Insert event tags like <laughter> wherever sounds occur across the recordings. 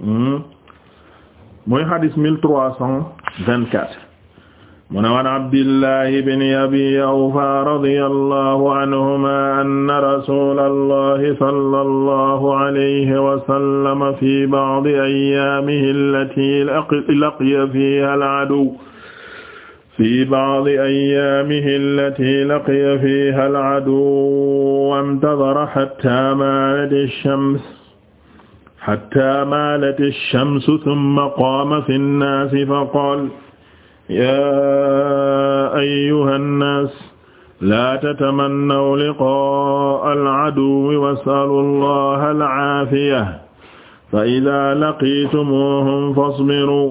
mooy hmm? hadis mille trois cent vingt-quatre mu ne waan abdillahi bni abi awfa radiyallahu anhuma anna rasulallahi sallallahu alayhi wa sallam fi ba'di ayyaamihi allati laqiya fiha al-aduw fi ba'di ayyaamihi allati laqiya fiha al-aduw wa intadhara hatta maalat ash-shams xatta maalat alcamsu tumma qaama fi nnaasi fa qaal yaa ayuha nnaas laa tatamannaw liqaa aladuwi wasalu allah alcaafiya fa ida laqiitumuuhum fasbiruu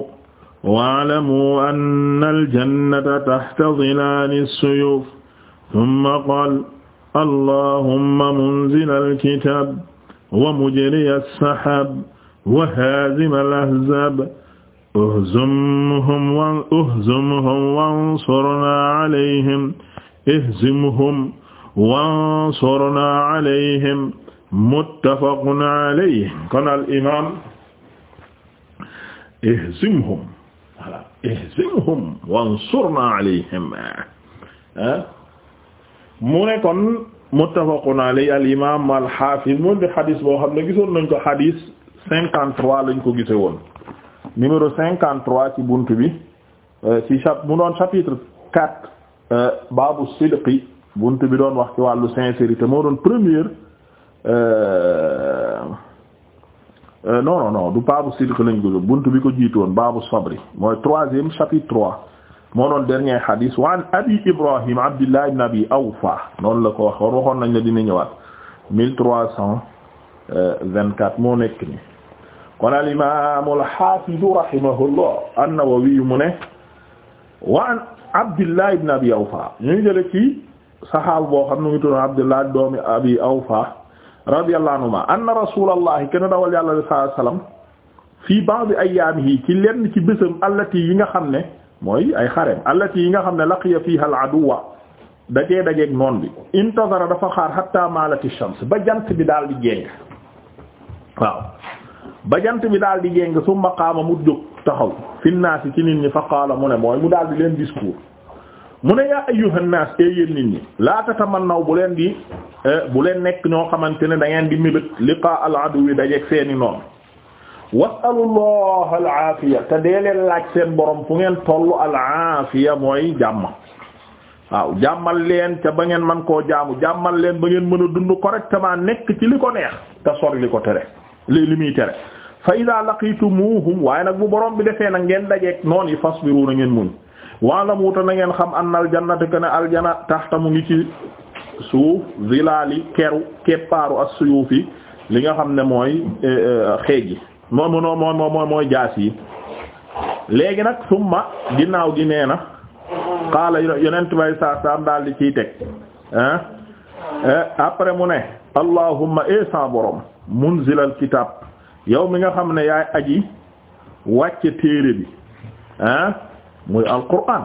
waalamuu anna aljannata taxta zilaali ssuyuuf tumma qaal allahumma munzila alkitaab wa mujriya as-sahab wa haazima al-ahzaab uhzumhum wa uhzumhum wansurna alayhim ihzimhum wansurna alayhim muttafaqun alayhi kon al imaam ihzimhum voilà ihzimhum wansurna alayhim ah. mu ne kon muttafaqun alayhi al imam al hafiz moom di xadis boo xam ne gisoon nañ ko xadis cinquante trois lañ ko gise woon numéro cinquante trois ci bunt bi euh, ci chap mu doon chapitre quatre euh, baabu sidqi bunt bi doon wax ci wàllu sincérité moo doon première euh, non non non du baabu sidqi lañ ko bunt bi ko jiitoon baabu sabri mooy troisième chapitre trois moo doon dernier hadith wa an abi ibrahim abdillah ibn abi awfa noonu la ko wax woon waxoon nañ la dina ñëwaat mille trois cent vingt-quatre moo nekk ni kon al imam al hafiz rahimahullah an mu ne wa an abdillah ibn abi awfa ñu ngi jële ci sahaaba boo xam ne mu ngi tu abdillah doomi abi awfa radiyallahu anhuma anna rasulullah kenn dawal yàlla sallallahu alayhi wasallam fi ba'd ayyaamihi ci lenn ci bésam allati yi nga xam ne mooy ay xareem allati yi nga xam ne laqiya fiha al aduwa dajee dajeeg noon bi intazara dafa xaar hatta malati shams ba jant bi daal di jéng waaw ba jant bi daal di jéng summa qaama mu jóg taxaw fi naasi ci nit ñi fa qaala mu ne mooy mu daal di leen discours mu ne yaa ayyuhan naas ee yéen nit ñi laa tatamannaw bu leen di eh, bu leen nekk ñoo xamante ne dangeen di mébét liqa al aduwi dajeeg seeni noon wasalullah alaafiya te dee leen laaj seen borom fu ngeen tollu alaafiya mooy jàmm waaw jàmmal leen ca ba ngeen man koo jaamu jàmmal leen ba ngeen mën a dund correctement nekk ci li ko neex te sori li ko tere li li muy tere fa ida laqitumuhum waaye nag bu borom bi defee nag ngeen dajeek noon yi fasbiru na ngeen mu muñ waalamuta na ngeen xam anna aljannata kana aljana tax mu ngi ci suuf zilaali keru keppaaru as-suyufi li nga xam ne mooy eh, eh, xeej yi moo munoo moo moo mooy jaas yi léegi nag summa ginnaaw gi nee na xaala yonent bay saa saam daal di ciy teg ah après mu ne allahumma boroom eh, borom munzilal kitab yow mi nga xam ne yaay aji wàcce téere bi ah muy alquran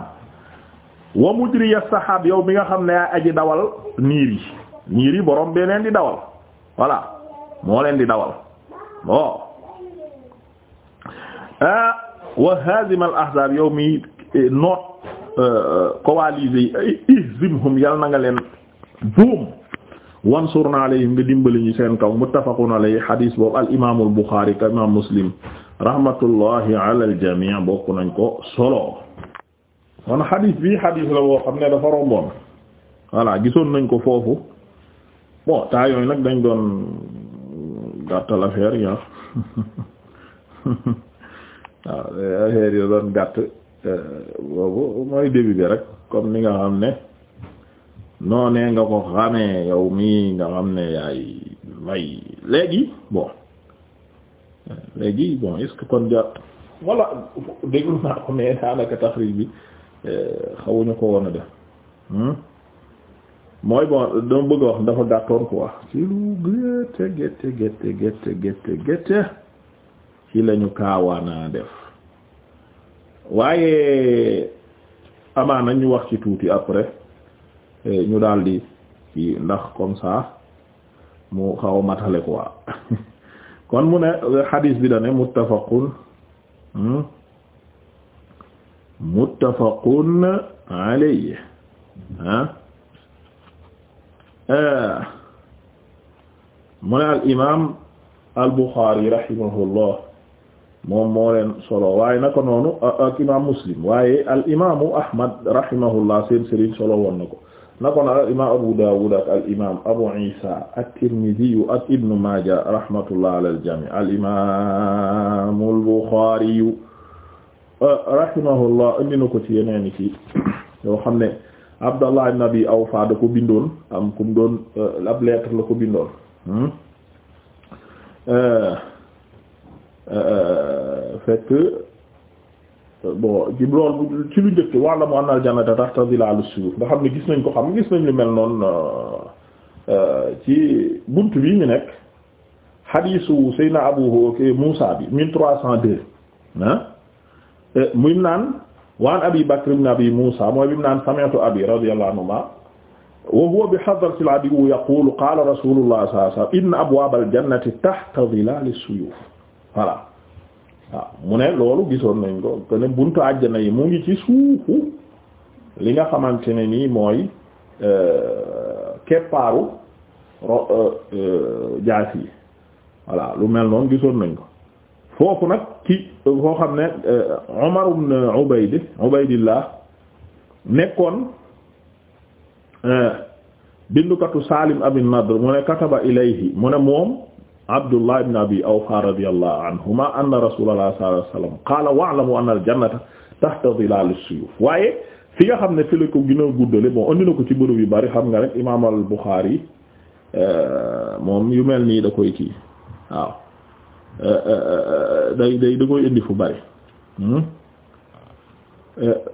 wa mujriya saxaab yow mi nga xam ne yaay aji dawal niir yi niir yi boroom bee leen di dawal voilà moo leen di dawal bon ah wa hazim al ahzab yow mi eh, noot eh, coalisés yi ay ihzimhum yal na leen buum wansurna alayhim nga dimbali ñu seen kaw muttafaqun alayhi hadis boobu al imam al bukhari ka imam muslim rahmatullahi ala al jami' bokk nañ ko solo kon hadis bi hadis la boo xam ne dafa romboon voilà gisoon nañ ko foofu bon taa yooyu nag dañ doon gàttal affaire ya <laughs> waaw affaire yo doon gàtt euh, boobu mooy début bi rek comme ni nga xam ne noonee nga ko xamee yow mii nga xam ne yaay may léegi bon léegi bon est que kon jar voilà déglu naa ko mais daanaka taxrij bi euh, xawuñu ko woon a def hmm? mooy bon dama bëgg a wax dafa gàttoon quoi ci lu gëte gëte gëte gëte gëte ci lañu kaawaana def waaye amaana ñu wax ci tuuti après eh, ñu daldi ci ndax comme ça mu xaw matale quoi <laughs> kon mu ne hadis bi dane muttafaqun hmm? muttafaqun alayhi eh. mu ne al imam al Bukhari rahimahullah moom moo leen solo waaye naka noonu ak imam muslim waaye al imaamu ahmad rahimahullah seen sëriñ solo woon na ko naka noonu al imaam abu dawud ak al imaam abu isa ak tirmidhi ak ibnu maaja rahmatullah ala al jami al imaam al buxaari rahimahullah indi na ko ci yeneen ci yoo xam ne abdallah ibn abi awfa da ko bindoon am kum doon ab lettre la ko bindoon hmm? fekk bon ci loolu ci lu njëkk wàlla mu annal jannata tahta zilaalu suuf nga xam ne gis nañ ko xam gis nañ lu mel noonu euh, euh, ci bunt bi ñu nekk xadiisu Seyna Abu Muusa bi mille trois cent deux ah muy naan waan Abi Bakr ibn Abi Muusa mooy bi mu naan sami'tu abi radiyallahu anhuma wa huwa bi hadrati al-'aduwwi yaqulu qala rasulullah sallallahu alayhi wa sallam inna abwaaba al-jannati tahta zilaali suyuuf voilà waaw mu ne loolu gisoon nañ ko que ne buntu àjjana yi mu ngi ci suufu li nga xamante ne nii mooy euh, keppaaru ro euh, euh, jaas lu mel noonu gisoon nañ ko foofu nag ki foo xam ne Umar ibn Ubayd Ubaydillah nekkoon bindukatu Salim abin Nadr mu ne kataba ilayhi mu ne moom Abdullah ibn Abi Awfa radiyallahu anhuma anna rasulullah sallallahu alayhi wasallam qaala wa'lamu anna al-jannata tahta dhilali suyuf waaye fi nga xam ne fi la ko gën a guddale bon andi na ko ci bërëb yu bari xam nga rek imaam al Bukhari euh, moom yu mel nii da koy kii waaw euh, euh, day day da koy indi fu bari hmm?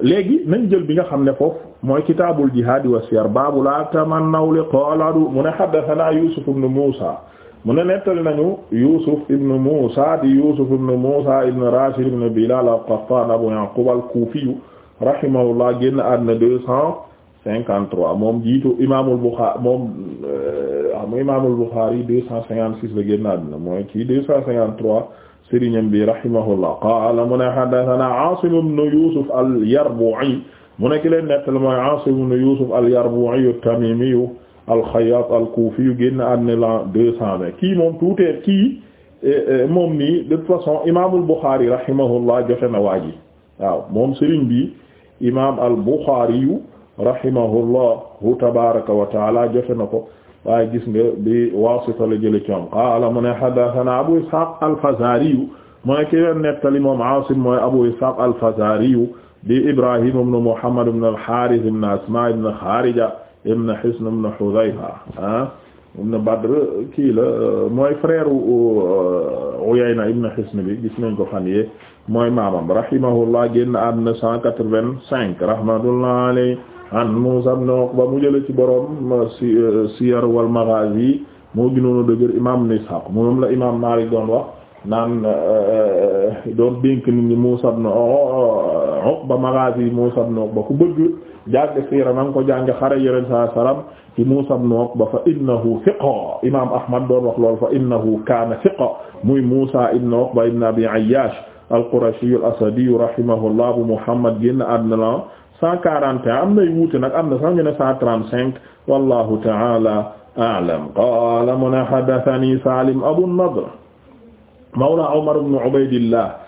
léegi nañ jël bi nga xam ne foofu mooy kitaabul jihaad wa siyar baabu laa tamannaw liqaa'al aduww mu ne haddathanaa Yuusuf ibn Muusaa mu ne nettali nañu Yusuf ibn Musa di Yusuf ibn Musa ibn Rashid ibn Bilal al-Qattan Abu Yaqub al-Kufi rahimahullah génn àddina deux cent cinquante-trois moom jiitu Imaamul Bukhari moom euh, am Imaamul Bukhari deux cent cinquante-six la génn àddina mooy ci deux cent cinquante-trois sëriñam bi rahimahullah qaala mu ne haddathana Asim ibn Yusuf al-Yarbu'i mu ne ki leen nettali mooy Asim ibn Yusuf al-Yarbu'i at-Tamimi al-Xayyaat al-Kuufi yu génn àddina l'an deux cent vingt kii moom tuutee kii eh, eh, moom nii de toute façon imaamul Buxaari na waa ji moom sëriñ bi imaam al-Buxaari yu rahimahullahu tabaaraka wa taala na ko waaye gis nga bi waasita la jëlee ci moom qaala mu ne haddasanaa Abu Ishaaq al-Fazaari mu ne ki leen Abu Ishaaq al-Fazaari di Ibraahiim ibn Muhammad ibn al-Haaris ibn Asmaa ibn ibn Hisn ibn Hudhayfa ah ibn Badr kii la mooy frère euh, Uyayna ibn Hisn bi gis nañ ko fan yee mooy maamam rahimahullah génn àdduna cent quatre-vingt-cinq rahmatullah alayhi an Muusaa ibn Uqba mu jële ci borom euh, euh, Siyar wal Maghaazi moo gënoon a dëgër imaam Ibn Ishaaq moom la imaam Maalik doon wax naan doon dénk nit ñi Muusaa ibn Uqba maghazi Muusaa ibn Uqba ku bëgg jàng siira na nga ko jàng xare yonent saa salaam ci Muusaa ibn Uqba fa innahu thiqa imaam Ahmad doon wax lool fa innahu kaana thiqa muy Muusaa ibn Uqba ibn Abi Ayyaash al-Qurashi al-Asadi rahimahullah Abu Muhammad génn àdduna 141 am nay wuute nag am na sax ñu ne 135 wallahu ta'ala a'lam qaala mu ne haddathani Saalim Abu an-Nadr mawla Umar ibn Ubaydillah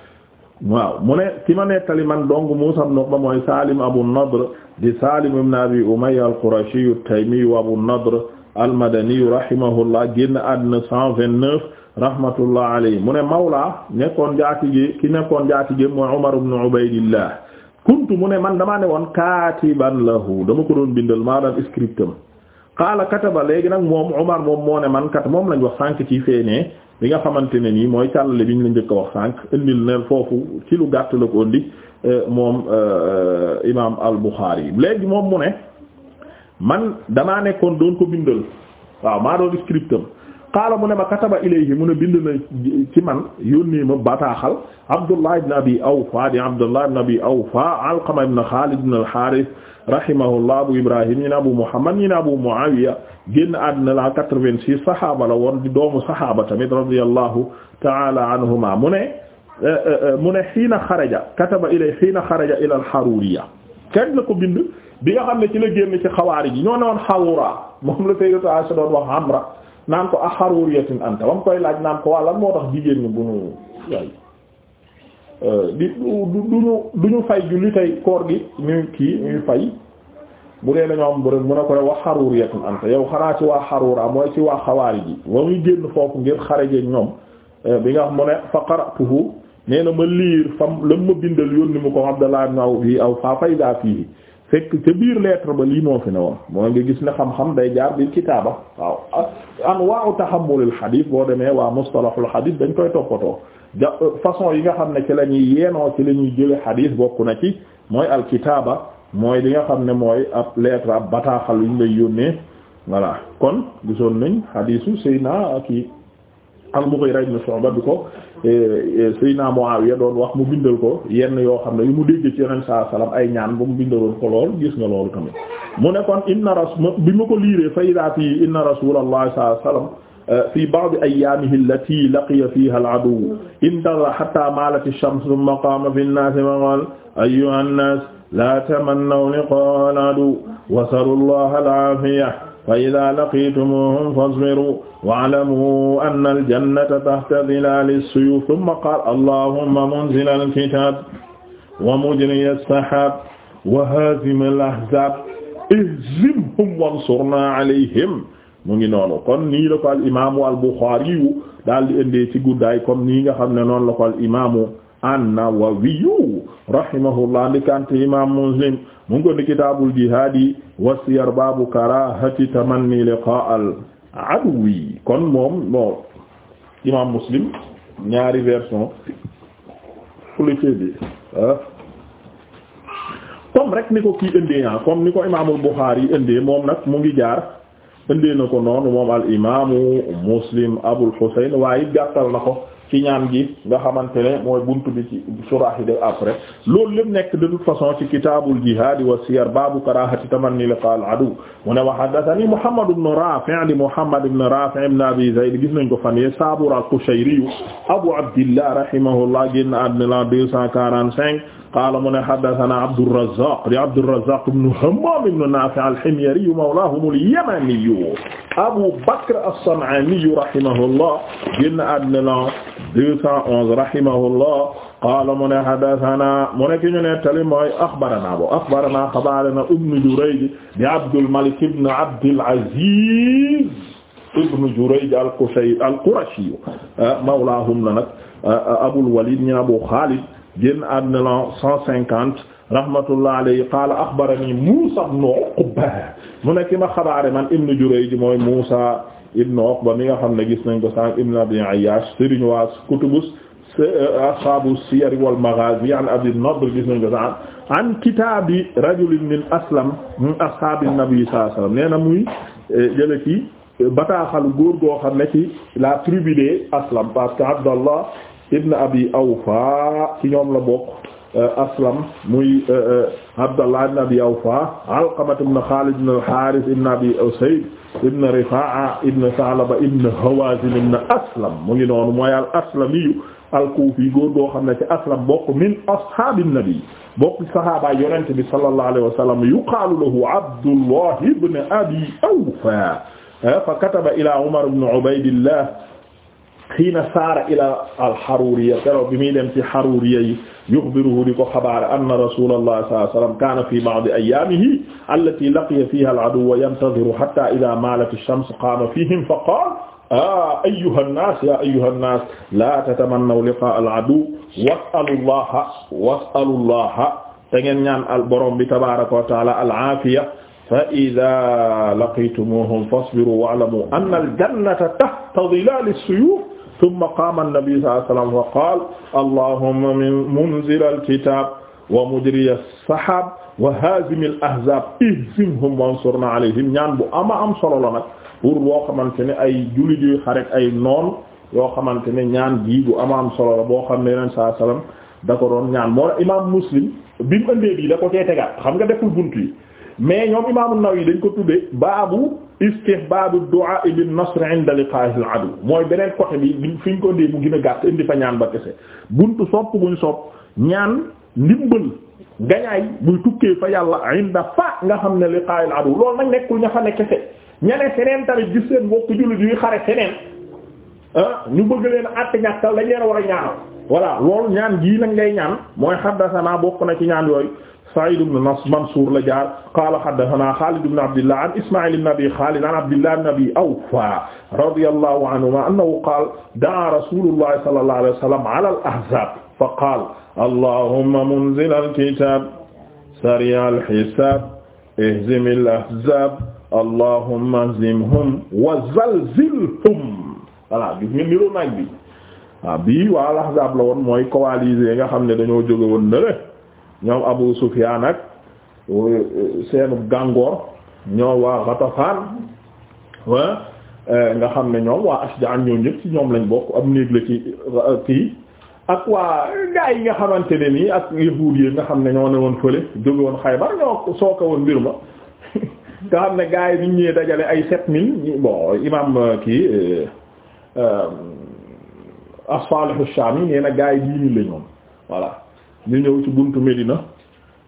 waaw mu ne ki ma nettali man dong Muusaa ibn Uqba mooy Saalim Abu Nadr di Saalim ibn Abi Umayya al-Qurashi at-Taymi Abu Nadr al-Madani rahimahullah génn àddina 129 rahmatullah alayhi mu ne mawla nekkoon njaatige ki nekkoon njaatige mooy Umar ibn Ubaydillah kuntu mu ne man damaa ne woon kaatiban lahu dama ko doon bindal maa daan scriptum qaala kataba léegi nag moom Umar moom moo ne man kat moom lañ wax sànk ci feenee li nga xamante ne nii mooy càllale bi ñu la njëkk a wax sànq indil ne foofu ci lu gàtt la ko indi euh, moom euh, imaam al-Bukhari léegi moom mu ne man damaa nekkoon doon ko bindal waaw maa doon scriptam qaala mu ne ma kataba ilayhi mu ne bind na ci man yónnee ma bataaxal Abdullah ibn Abi Awfa di Abdullah ibn Abi Awfa Alqama ibn Xaalid ibn al-Haaris rahimahullah Abu Ibrahim ñi ne Abu Muhammad ñi ne Abu Muawiya génn àddina la 86 saxaaba la woon di doomu saxaaba tamit radiyallahu ta'ala anhuma mu ne eh, eh, eh, mu ne xiina xaraja kataba ilay xiina xaraja ila al-Haruuriya kenn la ko bind bi nga xam ne ci la génn ci xawaari ji ñoo ne woon Haruura moom la Sayyidatu Aisha doon wax Amra naan ko ak xaruriyatin anta ba mu koy laaj naan ko waa lan moo tax jigéen ñi bu ñu yaay euh, di du duñu duñu fay julli tey koor gi ñuy kii ñuy fay bu dee dañoo am bërëb mu ne ko wax xaruriyatin anta yow xanaa ci waa xarura mooy ci waa xawaari ji ba muy génn foofu ngir xarejeeg ñoom euh, bi nga xam mu ne fa qara'tuhu nee na ma liir fam lam ma bindal yónni mu ko Abdallah ibn aw bi aw fa fayda fekk ca biir lettre ba lii moo fi ne woon mooy nga gis ne xam-xam day jaar bi kitaaba waaw anwaa'u tahammulil hadith boo demee waa mustalahul hadith dañ koy toppatoo euh, façon yi nga xam ne ci la ñuy yeenoo ci la ñuy jële hadith bokk na ci mooy al kitaaba mooy li nga xam ne mooy ab lettre ab bataaxal yu ñu lay yónnee voilà kon gisoon nañ hadithu Seyna kii al-Mughira ibn Shu'ba bi ko eh, eh, Seydina Muawiya doon wax mu bindal ko yenn yoo xam ne yu mu dégg ci Yonent saa salaam ay ñaan ba mu bindaloon ko lool gis nga loolu tamit mu ne kon inna rasul bi ma ko liiree fa idaa fii inna Rasuulallahi sallallahu alayhi wasallam eh, fi ba'di ayyaamihi allati laqiya fiha al-aduwwu intazara hatta maalat ash-shamsu thumma qaama fi an-naasi wa qaala ayyuha an-naas laa tamannaw liqaa al-aduwwi wasaluu Allaha al-aafiya fa ida laqitumuhum fasbiru waalamu anna aljannata tahta dilali suyuf tumma qaala allahumma munzila alkitab wa mujriya alsahab wa hazima alahzab ihzimhum wansurna alayhim mu ngi noonu kon nii la ko al imaamu al Buxaari yu daal di indee ci guddaay comme nii nga xam ne noonu la ko al imaamu an-Nawawiyu rahimahullah ndikante imam Muslim mu ngi ko ni kitaabul jihaadi wa siyar baabu karaahati tamanni liqaa al aduwi kon moom imam Muslim ñaari version police bi ah. comme rek ni ko kii indee ah comme ni ko imaamul Bukhari indee moom nag mu ngi jaar indee na ko noonu moom al imaamu Muslim Abul Husayn waaye gàttal na ko ci ñaan gi nga xamante ne mooy buntu bi ci surah yi de après loolu lépp nekk de toute façon ci kitaabul jihaad wa siyar baabu karaahati tamanni liqaa al adu mu ne wa haddathani Muhammad ibn Rafi' di Muhammad ibn Rafi' ibn Abi Zayd gis nañ ko fan yee Sabur al-Qushayri Abu Abdillah rahimahullah génn àddina la 245 qaala mu ne haddathana Abdurrazzaq di Abdurrazzaq ibn Hammam ibn Nafi' al-Himyari mawlahum al-Yamani Abu Bakr as-San'ani rahimahullah génn àddina deux cent onze rahimahullah qaala mu ne hadathana mu ne ki ñu nettali mooy akhbarana bo akhbarana xabarana ibnu Jurayj bi Abdul Malik ibn Abdul Aziz ibnu Jurayj al-Qushay al-Qurashi ah, mawlaahum la nag ah, Abul Walid ñi Abu Khalid génn àddina la cent cinquante rahmatullah alayhi qaala akhbarani Muusa ibn Uqba mu ne ki ma xabaare man ibnu Jurayj mooy Muusa ibn Uqba mi nga xam ne gis nañ ko sànq ibn Abi Ayyash sëriñ waa kutubus euh, ashaabu siyar wal maghaazi an Abi Nadr gis nañ ko sànq an kitaabi rajulin min aslam min ashaabi nabi sallallahu alayhi wasallam nee na muy euh, jële ci euh, góor goo xam ne ci la tribu des aslam parce que Abdallah ibn Abi Awfa ci ñoom la bokk Euh, aslam muy euh, euh, abdallah ibn abi awfa alqama ibn khalid ibn al-harith ibn abi usayd ibn rifa'a ibn sa'laba ibn hawazin ibn aslam mu ngi noonu mooy al aslami al-kufi góor goo xam ne ci aslam bokk min ashabin nabi bokk sahaaba yonent bi sallallahu alayhi wa sallam yuqaalu lahu abdullah ibn abi awfa eh, fa kataba ila umar ibn ubaydillah xiina saara ila alxaruriya keroog bi muy dem ci xaruriya yi yuxbiruhu di ko xabaare anna rasulallah sallallahu alayhi wa sallam kaana fi ba'di ayyaamihi allati laqiya fiha al-aduwwa yantadhiru hatta ida maalat ash-shams qaama fihim fa qaala ah ayyuha an-naas yaa ayyuha an-naas laa tatamannaw liqaa'a al-aduww was'alu llaha was'alu llaha te ngeen ñaan al borom bi tabaaraka wa ta'aala al-aafiya fa ida laqitumuhum fasbiru wa'lamu anna al-jannata tahta dhilaali as-suyuuf ثم قام النبي صلى الله عليه وسلم وقال اللهم منزل الكتاب ومجري السحاب وهازم الأحزاب اهزمهم وانصرنا عليهم ñaan bu ama am solo la nag pour boo xamante ne ay jullit yu xarek ay noon yoo xamante ne ñaan bii bu ama am solo la boo xam ne leen saa salaam da ko doon ñaan moo imaam muslim bi mu ëndee bii da ko cee tegaat xam nga deful bunt yi mais ñoom imaam Nawawi dañ ko tuddee baabu istihbaabu du'a bin nasr 'inda liqa'il adu mooy beneen côté bi fi ñu ko indee mu gën a gàtt indi fa ñaan ba kese buntu sopp buñ sopp ñaan ndimbal gañaay buy tukkee fa yàlla inda fa nga xam ne liqa'il adu loolu nag nekkul ña fa ne kese ñane feneen tamit gis seen mbokk jullit yuy xare feneen ah ñu bëgg leen àtt ñàkkal dañ leen war a ñaanal voilà loolu ñaan gii nag ngay ñaan mooy xaddasanaa bokk na ci ñaan yooyu Sa'id ibn Mansour la jaar qaala haddathanaa Xaalid ibn Abdillah an Ismaa'iil ibn Abi Xaalid an Abdillah ibn Abi Awfaa radiyallaahu anhumaa annahu qaala da'aa rasuulullaahi sallallaahu alayhi wa sallam alal ahzaab fa qaala allaahumma munzilal kitaab sari'al hisaab ihzimil ahzaab allaahumma hzimhum wa zalzilhum voilà gis nga niroo naaj bi waaw ah, bii waa al ahzaab la woon mooy coalisé nga xam ne dañoo jóge woon ñoom Abu Sufyaan nag euh, euh, seenu gàngoor ñoom waa Ghatafaan euh, nga xam ne ñoom waa Ashja'an ñoo ñëpp ci ñoom lañu bokk am néeg la ci kii ak waa gaa yi nga xamante ne nii ak yahuud yi nga xam ne ñoo ne woon fële jóge woon Xaybar ñoo sooke woon mbir ma <laughs> nga xam ne gaa yi ñu ñëwee dajale ay sept mille bon imaam kii as-Salih ash-Shami nee na gaa yi dix ñu ñëw ci buntu Medina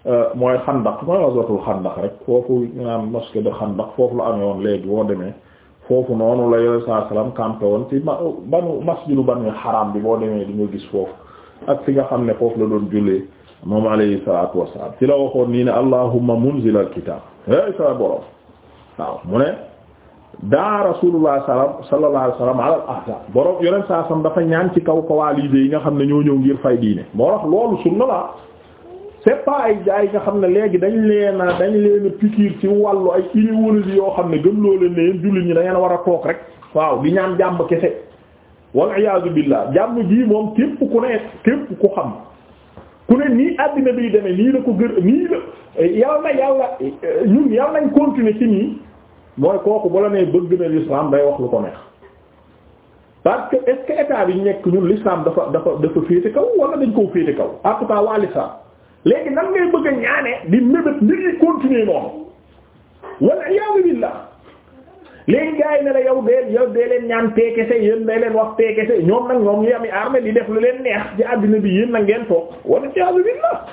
euh, mooy xandak mooy ghazwatul xandak rek foofu naan mosquée de xandak foofu la amee woon léegi boo demee foofu noonu la yore saa salaam campé woon ci ma banu masjidu banu xaraam bi boo demee di nga gis foofu ak fi nga xam ne foofu la doon jullee moom alayhi salaatu wasalaam ci la waxoon nii ne allahumma munzilal kitaab hey sa borom waaw mu ne. daa rasulullah sallallahu alayhi wasallam ala al-ahzab borom yeneen saa sam dafa ñaan ci kaw coalisés yi nga xam ne ñoo ñëw ngir fay diine moo tax loolu sunna la c'est pas ay jaay nga xam ne léegi dañ leen dañ leen a pikiir ci wàllu ay idéologie yoo xam ne gën loo leen ne yeen jullit ñi da war a toog rek waaw di ñaan jàmm kese wal iyaazu billah jàmm ji moom képp ku ne képp ku xam ku ne nii àddina biy demee nii la ko gër nii la yàlla na yàlla ñun yàlla mooy kooku ba la nee bëgg na l'islam wax lu ko neex parce que est-ce que dafa dafa dafa féete kaw wala dañ koo féete kaw en tout cas waa l'islam léegi nan ngay bëgg a ñaane di mébét nit ñi continuer noonu wala iyaazu billah léegi gars yi ne la yow dee yaw dee leen ñaan peekese yéen day leen wax peekese ñoom nag ñoom ñu yi armée di def lu leen neex ci àddina bi yéen na ngeen toog wala iyaazu billah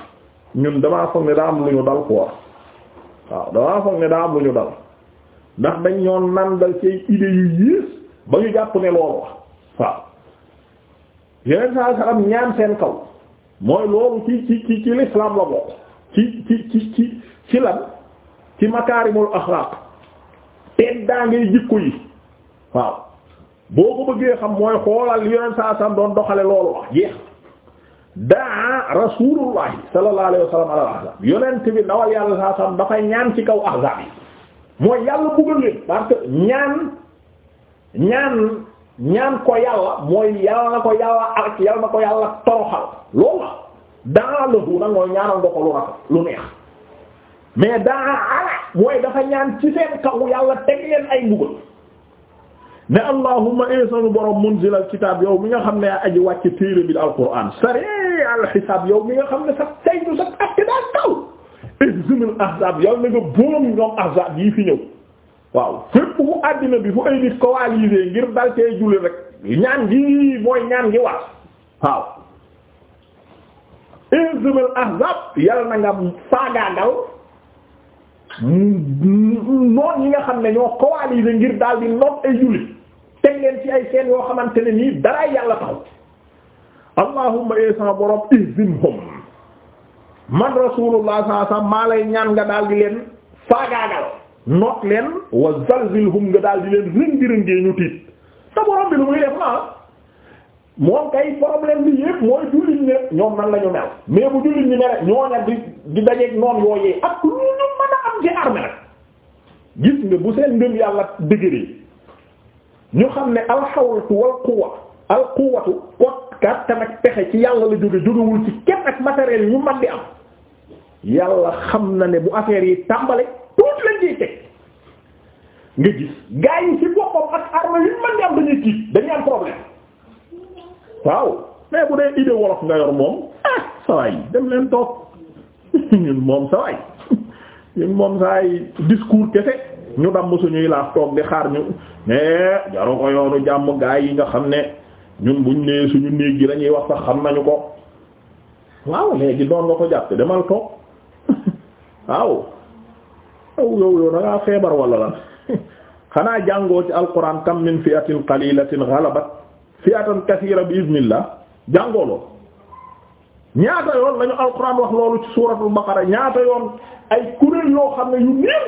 ñun damaa foog ne daa am lu ñu dal quoi waaw damaa foog ne daa am lu ñu dal. ndax dañ ñoo nandal ci idée yu yiis ba ñu jàpp ne loolu wax waaw yeneen saa salaam ñaan seen kaw mooy loolu ci ci ci ci l'islam la bokk ci ci ci ci ci lan ci makaarimul axlaaq tedd daa ngay jikko yi waaw boo ko bëggee xam mooy xoolal yeneen saa salaam doon doxale loolu wax jeex daa rasuulullahi sallallahu alayhi wa sallam ala ahzab yonent bi dawal yàlla saa salaam dafay ñaan ci kaw ahzab yi mooy yàlla buggal leen parce que ñaan ñaan ñaan ko yàlla mooy yàlla na ko yàlla ak yàlla na ko yàlla toroxal loolu nag mooy ñaanal nga ko lu rafet lu neex mais daa ala mooy dafa ñaan ci seen kaw yàlla teg leen ay mbugal ne allahumma insanu eh borom munzil al kitaab yow mi nga xam ne yaa aji wàcc téere bi al quraan sari al xisaab yow nga xam ne sax tey du sax ak kaw ihzimil ahzab yàlla na nga boom ñoom ahzab yi fi ñëw waaw fépp fu àddina bi fu ay nit coalisé ngir dal tey julli rek ñaan gi mooy ñaan gi waat waaw ihzimil ahzab yàlla na nga faagaagal noon ñi nga xam ne ñoo coalisé ngir daal di noot ay julli teg ci ay seen yoo xamante ne nii daraay yàlla taxaw allahumma esan eh borom ihzimhum man rasulullah sallallahu alayhi maa lay ñaan nga daal di leen faagaagal noot leen wa zalzilhum nga daal di leen rëngi-rëngee ñu tiit te borom bi lu muy def ma moom kay problème bi yépp mooy jullit ne ñoom nan la mel mais bu jullit ñi mere ñooña di di dajeeg noon yooyee ak lu ñu mën a am ci arme rek gis nga bu seen ngëm yàlla dëgëree ñu xam ne alxawlatu wal quwwa al quwwatu kot kàttan pexe ci yàlla la jóge jógewul ci kenn ak matériel yu man di am yàlla xam na ne bu affaire yi tàmbale tuuti lañ ciy teg nga gis gaa yi ci boppam ak arme yu man di am dañuy tiit dañuy am problème waaw mais bu dee idée wolof nga yor moom ah sawaay dem leen toog <laughs> ñun moom sawaay <laughs> ñun moom sawaay discours kese ñu damm suñuy laaf toog di xaar ñu mais jaru ko yoonu jàmm gaa yi nga xam ne ñun buñ nee suñu néeg gi dañuy wax sax xam nañu ko waaw léegi doon nga ko jàpp demal toog <laughs> waaw yow yow da feebar wala la <laughs> xanaa jàngoo ci alquran kam min fi'atin qalilatin ghalabat fi'atan kathira bi iznillah jàngoo lool ñaata yoon lañu alquran wax loolu ci suuratul baqara ñaata yoon ay kuréel yoo xam ne yu néew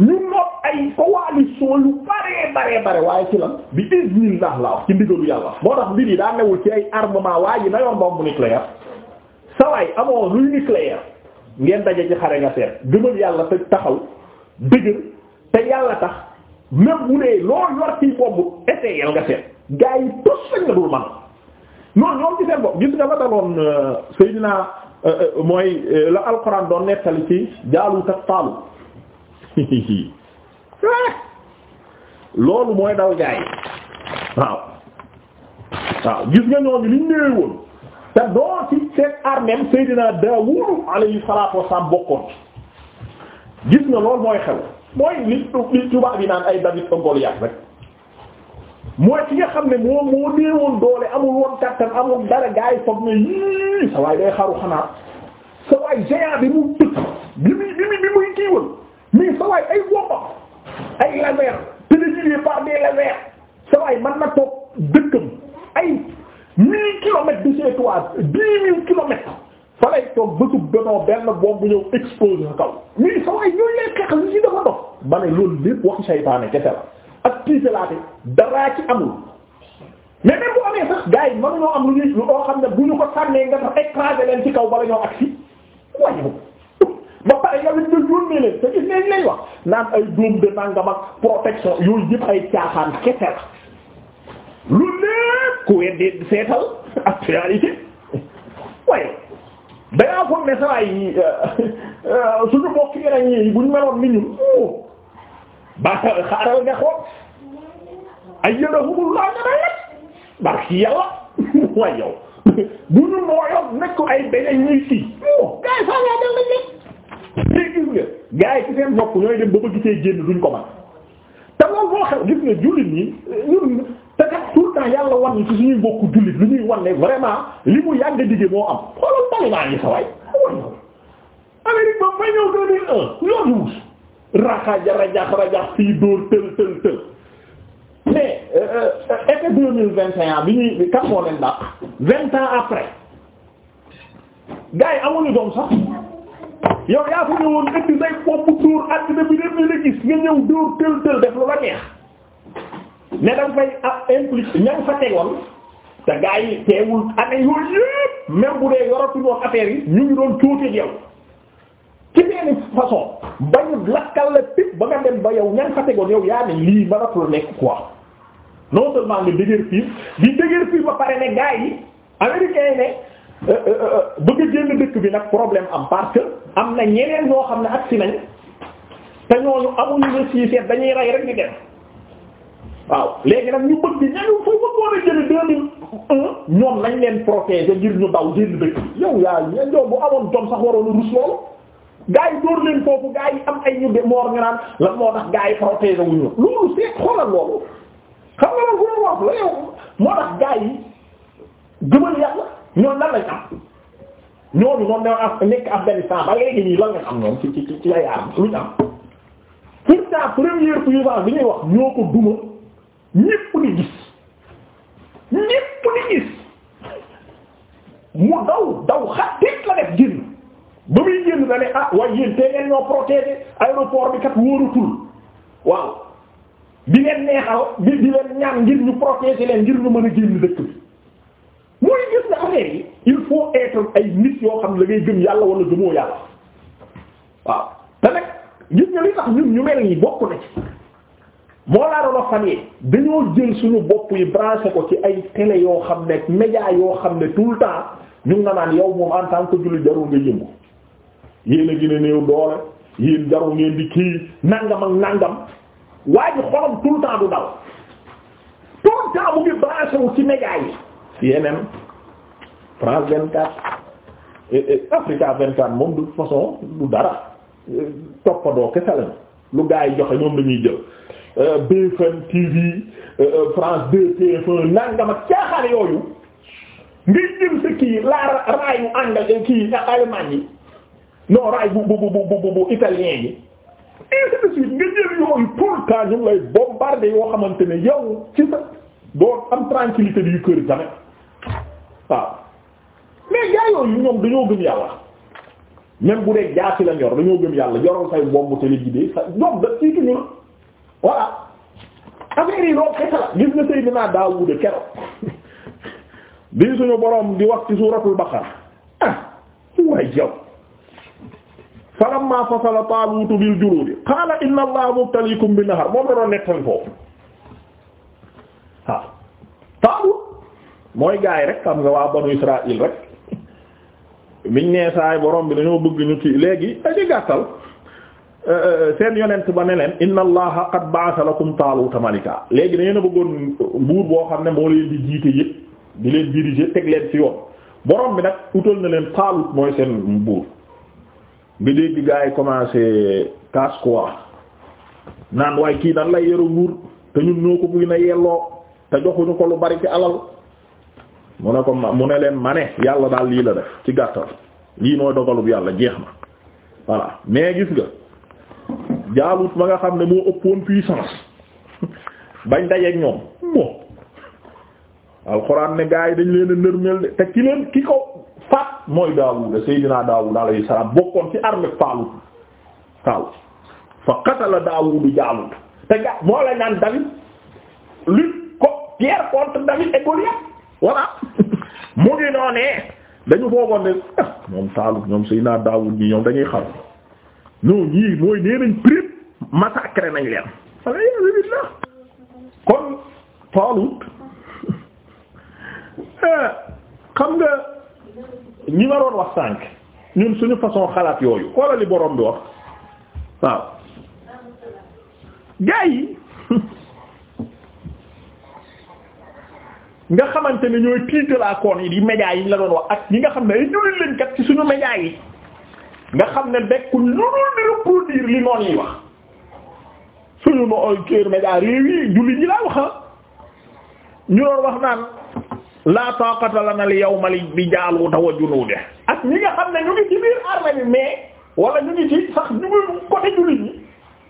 ñu noot ay coalition yu bare bare bare waaye ci lan bi iznillah la wax ci ndigalu yàlla moo tax mbir yi daa newul ci ay armement waa ji na yoon bombe nucléaire sawaay amoo luy nucléaire ngeen daje ci xare nga seet gëmal yàlla te taxaw dëgër te yàlla tax même bu dee loo yor ci bomb essayel nga seet gaa yi tos lañ la dul man noonu ñoom ci seen bopp gis nga la daloon euh, Seydina euh, euh, mooy la alxuraan doon nettali ci Jaalut ak Taalut loolu mooy dal gaay waaw waaw gis nga ñooñu liñ néew woon te doo ci seen armem Seydina Daawuud alayhi salaatu wassalaam bokkoon gis nga loolu mooy xew mooy li li tubaab yi naan ay David ak Goliath rek mooy ci nga xam ne moom moo néewoon doole amul woon kattan amul dara gaay foog ne yii sa waay day xaru xanaa sa waay géant bi mu bi muy bi muy bi muy kiiwal mais sa waay ay woppa ay laver téléguidé par des laver sa waay man na toog dëkkam ay mille kilomètres de chez toi dix mille kilomètres fa lay toog bësub danoo benn bomb bu ñëw explose sa kaw mais sa waay ñooñu lay xeex li ci dafa dox ba loolu lépp waxu saytaane kese la ak tiitalaate daraa ci amul mais même bu amee sax gars yi mënuñoo am lu ñuy loo xam ne bu ñu ko sànnee nga tax écraser leen ci kaw bala ñoo agsi waaye ba pare yow yónnee leen te gis nañ lay wax naan ay doom de nangam ak protection yooyu yëpp ay caaxaan kese la lu lépp ku weddi seetal actualité waaye dangaa foog ne saa yi euh, suñu mbokk yi rek ñii bu ñu meloon ni ñun oh, ba xaaral nga xool ay yële xubul laa nga rek barki yàlla <laughs> waaye yow bu ñu mooyoon nekk ay beneen ñuy fii. kay oh, saa yaa dal nañ ne. dégg nga. gars yi ci seen bopp ñooy dem ba bëgg see génn duñ ko mën te loolu moo xew gis nga jullit ñi ñun te kat tout le temps yàlla wan ñu ñuy wan ne vraiment li mu yàgg dige moo am xoolal taliban yi sa waay Amérique ba may ñëw deux mille un loolu wus raxaja rajax rajax fii dóor tël tël tël mais euh, euh, été deux mille vingt et un bi ñuy kan moo leen dàq vingt ans après gars yi amuñu doom sax yow yaa fa ñëwoon indi say bopp tuur àddina bi dem la gis nga ñëw dóor tël tël def lu la neex ne da nga fay ab impliqué ña nga te gaa yi teewul année yooyu yëpp même bu dee yoratuñu woon yi ñu ngi doon cóoteeg yow. ci benn façon bañu lakkal la pip ba nga dem ba yow ña nga fa tegoon yow yaa ne lii mënatul nekk quoi non seulement nga fii di dëgër fii ba pare ne gaa yi américain ne. bëgg a génn dëkk bi nag problème am parce am na ñeneen ñoo xam ne agsi nañ te ñooñu amuñu ne sii seet dañuy rey rek di dem waaw léegi nag ñu bëgg ñaari foofu bëggoon a jëlee ngir ñu daw génn dëkk bi yow yaa ña ñoom bu amoon jom sax waroon a rus loolu gaa yi dóor leen foofu gaa yi am ay ñu de moor ñu lan moo tax gaa yi protéger wuñu loolu seet xoolal loolu xam nga loolu bu wax la yow moo tax gaa yi gëmal yàlla. ñoom lan lañ am ñooñu noonu dañoo nekk Afghanistan ba léegi nii lan lañ am ñoom ci ci ci ay armes luñ am pourtant première puissance bi ñuy wax ñoo ko duma ñépp di gis ñépp di gis mu daw daw xatit la def génn ba muy génn da ne ah waaye yéen tey ngeen ñoo protéger aéroport bi kat wóorutul waaw di leen neexal di leen ñaan ngir ñu protéger leen ngir ñu mën a génn dëkk bi. mooy gis na affaire yi il faut être ay nit yoo xam ne da ngay gëm yàlla wala gëmoo yàlla waaw te nag gis nga li tax ñun ñu mel nii bokk na ci moo laa doon fan yi dañoo jël suñu bopp yi branché ko ci ay télé yoo xam ne média yoo xam ne tout le temps ñu nga naan yow moom en tant que jullit jarul nga yëngu yéen a gën a néew doole yéen jarul ngeen di kii nangam ak nangam waaye ji xolam tout temps du daw tout temps mu ngi yi. CNN France 24 Africa 24 moom de façon du dara toppadoo kese lañ lu gaa yi joxe ñoom lañuy jël euh, TV euh, euh, France 2 TF1 nangam ak yooyu ngir jëm sa kii la raayu anglais kii ak allemand yi non raay bu bu bu italien yi. nga jël yooyu tout le lay bombarder yoo xamante ne yow ci sa doo am tranquillité bi yu kër jamono. waaw mais gaa yooyu ñoom dañoo gëm yàlla même bu dee jaasi la ñor dañoo gëm yàlla yorol say bomb te li gidee ñoom da siituñu la voilà affaire yi kese la gis nga Seydina Daawuda kero <laughs> bii suñu borom di wax ci suuratul Baqara ah waay yow falamma fasala Taaluutu bil juluudi qaala inna Allaha mubtaliikum bi nahar moom la doon nettal foofu waaw mooy gaa yi rek xam nga waa banu Israël rek miñ nee saay borom bi dañoo bëgg ñu ci léegi aji gàttal euh, euh, seen yonent ba ne leen inna allaha qad ba'atha lakum taaluta malika léegi dañu ne bëggoon buur boo xam ne moo leen di jiite yëpp di leen diriger teg leen ci yoon borom bi nag utal na leen taalut mooy seen buur nga dégg gaa yi commencé casse quoi naan waaye kii nan lay yore buur te ñun ñoo ko buy na yelloo te joxuñu ko lu bari ci alal mu ne ko mu ne leen ma ne yàlla daal lii la def ci gàttal lii mooy dogalub yàlla jeex na voilà mais gis nga jaalut ma nga xam ne moo ëppoon puissance <laughs> bañ dajeeg ñoom bon alxuraan ne gaa yi dañ leen a nërmeel de te ki leen ki ko faat mooy Daawuda Seydina Daawuda alayhi salaam bokkoon ci armée Taalut Taalut fa qatala Daawudu Jaalut te ga moo la naan David lutte ko guerre contre David et Goliath voilà <laughs> mu ngi noonee dañu foogoon ne ah, ñoom Taalut ñoom Seydina Daawud ñi ñoom dañuy xaru non ñii mooy nee nañ prime massacré nañ leen kon Taalut <laughs> eh, xam nga ñu waroon doon wax sànq ñun suñu façon xalaat yooyu xoolal li borom bi wax waaw gaa yi <laughs> nga xamante ne ñooy tiitalaakoon yi di médias yi ñu la doon wax ak ñi nga xam ne ay jullit lañ kat ci suñu médias yi nga xam ne nekkul lu dul di reproduire li noonu yi wax suñu no kër médias réew yi jullit ñi laa wax ah. ñu doon wax naan la taqata lana li yawma li jaaluuta wa junuude ak ñi nga xam ne ñu ngi ci biir armée bi mais wala ñu ngi ci sax ñu ngi côté jullit ñi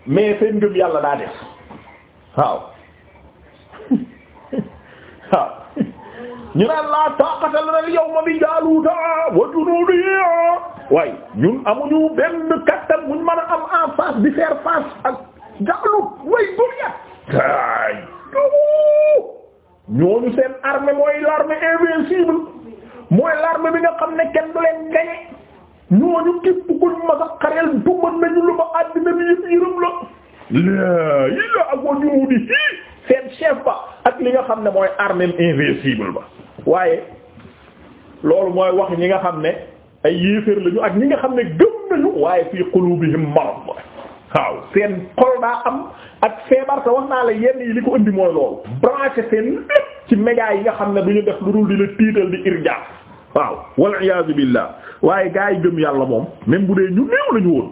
mais seen ngëm yàlla daa def waaw <laughs> waaw ñu naan laa taaqata lanaa al-yawma bi Jaaluuta wa junuudihi waaye ñun amuñu benn kattan buñ mën a am en face di faire face ak Jaaluut way Goliath. ay ñooñu seen armée mooy l'armée invincible mooy l'armée bi nga xam ne kenn du leen gañe ñooñu képp ku ñu mas a xareel duman lu ma àddina bi yëpp yërëm la. laa ilaaha wa junuudihi seen chef ba ak li nga xam ne mooy armée invincible ba waaye loolu mooy wax ñi nga xam ne ay yéeféer lañu ak ñi nga xam ne gëm nañu waaye fii qulubihim marad waaw seen xol daa am ak feebar te wax naa la yenn yi li ko indi mooy loolu branché seen lépp ci média yi nga xam ne du ñu def lu dul di la tiital di irja waaw wal iyaazu billah waaye gaa yi gëm yàlla moom même bu dee ñu néew lañu woon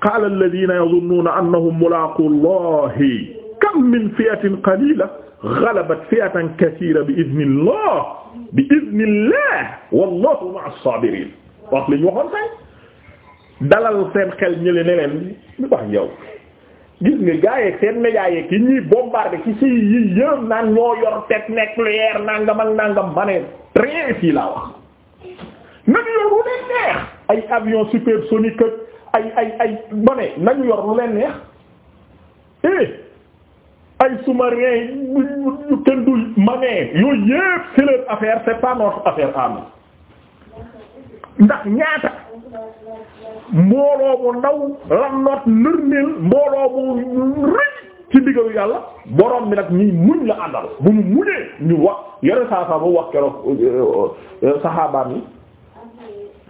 qala alladhina yadhunnuna annahum mulaqu allahi kam min fi'atin qalila ghalabat fi'atan kathira bi idhnillah bi idhnillah wallahu ma'a as-sabirin wax li ñu waxoon tey dalal seen xel ñële ne leen lu baax yow gis nga gaayee seen média yeeg yi ñuy bombardé ci si yi yërëm naan ñoo yor tête nucléaire nangam ak nangam ma ne rien laa wax nañu yor lu leen neex ay avion supersonique ay ay ay ma nañu yor lu leen neex eh ay sous-marins yu kenn du manee yooyu yépp c'est affaire c'est pas affaire à ndax ñaata mbooloo mu ndaw lan noot nërmeel mbooloo mu rëy ci diggalu yàlla borom bi nag ñi muñ la àndal bu ñu muñee ñu wax yore saa saa bu wax keroog euh, euh, saxaabaam yi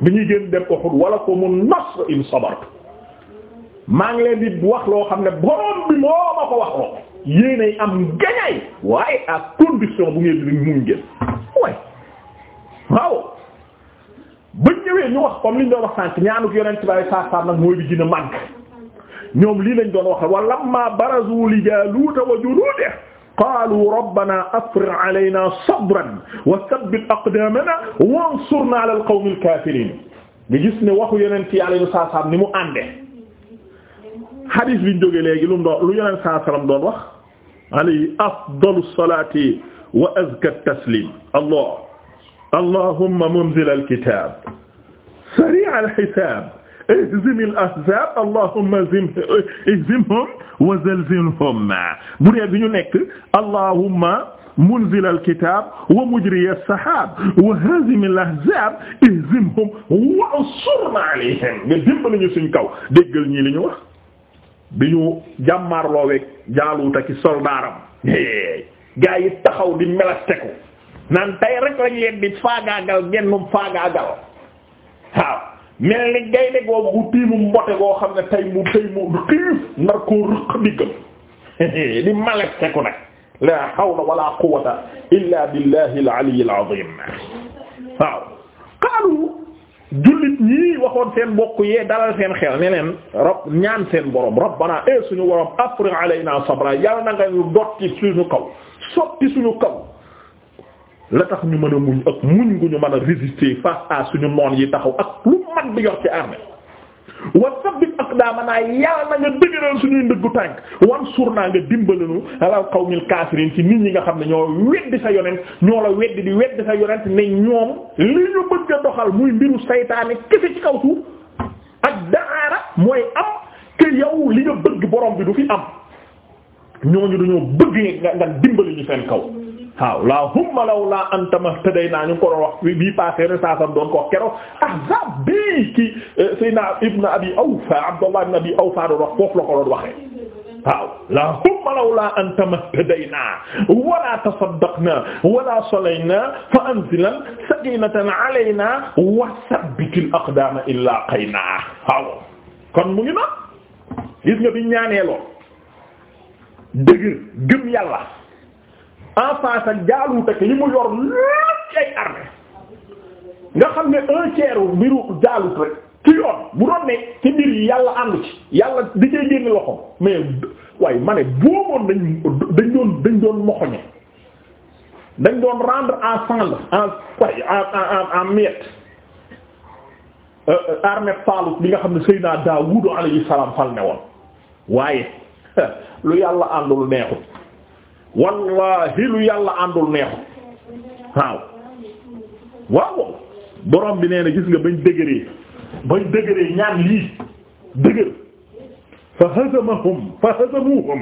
bi ñuy génn dem Uhud wala ko mu nasr in sabartu maa ngi leen di wax loo xam ne borom bi moo ma ko wax loo yéenay am gañaay waaye à condition bu ngeen di muñ ngeen waaye waaw ba ñëwee ñu wax comme li ñu doon wax sànq ñaanuk yonent bi saa saa nag mooy bi gën a màgg ñoom lii lañ doon wax wa lamma barazu li jaaluuta wa junuudihi qaalu rabbanaa afrigh alaynaa sabran wa sabbit aqdaamanaa wansurnaa alal qawmil kaafiriin nga gis ne waxu yonent yi alayhi salaam ni mu ànde xadiis bi ñu jógee léegi lu mu doon lu yeneen saa salaam doon wax alayhi afdalu salaati wa azka taslim allah allahumma munzil alkitab sari' alhisab ihzim alahzab allahumma ihzimhum wa zalzilhum bu dee bi ñu nekk allahumma munzil alkitab wa mujri alsahab wa hazim alahzab ihzimhum wa ansurna alayhim nga dimbali ñu suñ kaw déggal ñi li ñu wax bi ñu jàmmaarlooweeg jaaluut ak soldaaram gaa yi taxaw di melasteku naan tey rek lañ leen di faagaagal gennum faagaagal waaw mel ni gaynde googu gu tiimu mbote goo xam ne tey mu tey mu xiif nar koo rëq diggam <laughs> di melasteku nag la hawla wala quwwata illa billahi al-ali al-azim waaw qaalu jullit ñii waxoon seen mbokk yee dalal seen xel ne leen rab ñaan seen borom rabbana e suñu borom afrigh alayna sabra yàlla na nga ñu dotti suñu kaw sotti suñu kaw la tax ñu mën a muñ ak muñ gu ñu mën a résister face à suñu noon yi taxaw ak lu mag bi yor ci armée wa sabbit aqdaamana yàlla na nga dëgëral suñuy ndëggu tànk wan suur naa nga dimbalanu alal qawmil kaafiriin ci nit ñi nga xam ne ñoo weddi sa yonent ñoo la weddi di weddi sa yonent ne ñoom li ñu bëgg doxal muy mbiru saytaane kese ci kaw suuf ak daara mooy am que yow li nga bëgg borom bi du fi am ñooñu dañoo bëgg nga nga dimbali ñu seen kaw. waaw laa humma law laa anta mahtadaynaa ñu ngi ko doon wax bii passé na saa sam doon ko wax keroog ahzab bii ki eh, Seydina Ibn Abi Awfa Abdullah ibn Abi Awfa doon wax foofu la ko doon waxee waaw laa humma law laa anta mahtadaynaa walaa tasaddaqnaa walaa salaynaa fa anzilan sakiinatan alaynaa wa sabbitil aqdaama illaa qaynaa waaw kon mu ngi na gis nga bi ñaanee lool dëgg gëm yàlla en face ak Jaalut ak li mu yor lépp ay armée nga xam ne un tiers mbiru Jaalut rek ci yoon bu doon ne ci mbir yi yàlla ànd ci yàlla di cay génn loxo mais waaye ma ne booboon dañ dañ doon dañ doon moxoñe dañ doon rendre en cendres en en en en miettes euh, euh, armée Taalut bi nga xam ne Seydina Daawuud alayhi salaam fal ne woon waaye <laughs> lu yàlla àndul neexul. wallahi lu yàlla àndul neexu waaw waaw borom bi nee na gis nga bañ dëgëree bañ dëgëree ñaan lii dëgër fa hazamahum fa hazamuhum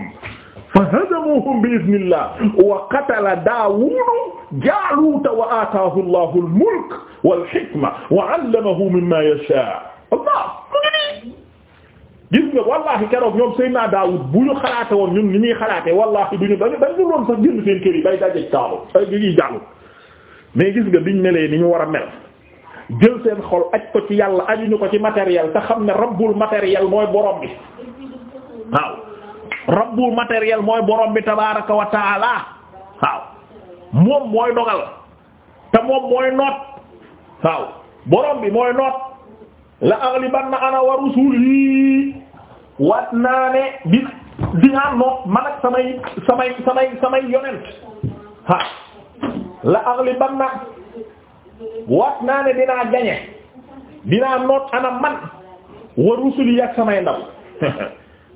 fa hazamuhum bi iznillah wa qatala daawudu jaaluuta wa ataahu allahu almulk wal hikma wa allamahu mimma yasha allah gis nga wallaahi keroog ñoom naa Daawud bu ñu xalaatee woon ñun ni ñuy xalaate wallaahi duñu dañu dañu doon sax génn seen kër yi bay daje taalu ay gi jàllu mais gis nga biñ melee ni ñu war a mel jël seen xol aj ko ci yàlla ajuñu ko ci matériel te xam ne rabbul matériel mooy borom bi waaw rabbul matériel mooy borom bi tabaaraka wa taala waaw moom mooy dogal te moom mooy noot waaw borom bi mooy noot la aghlibanna ana wa rusuli waat naa ne bi dinaa noot man ak samay samay samay samay yonent ha la aghlibanna waat naa ne dinaa gañe dinaa noot ana man wa rusuli ak samay ndaw <laughs>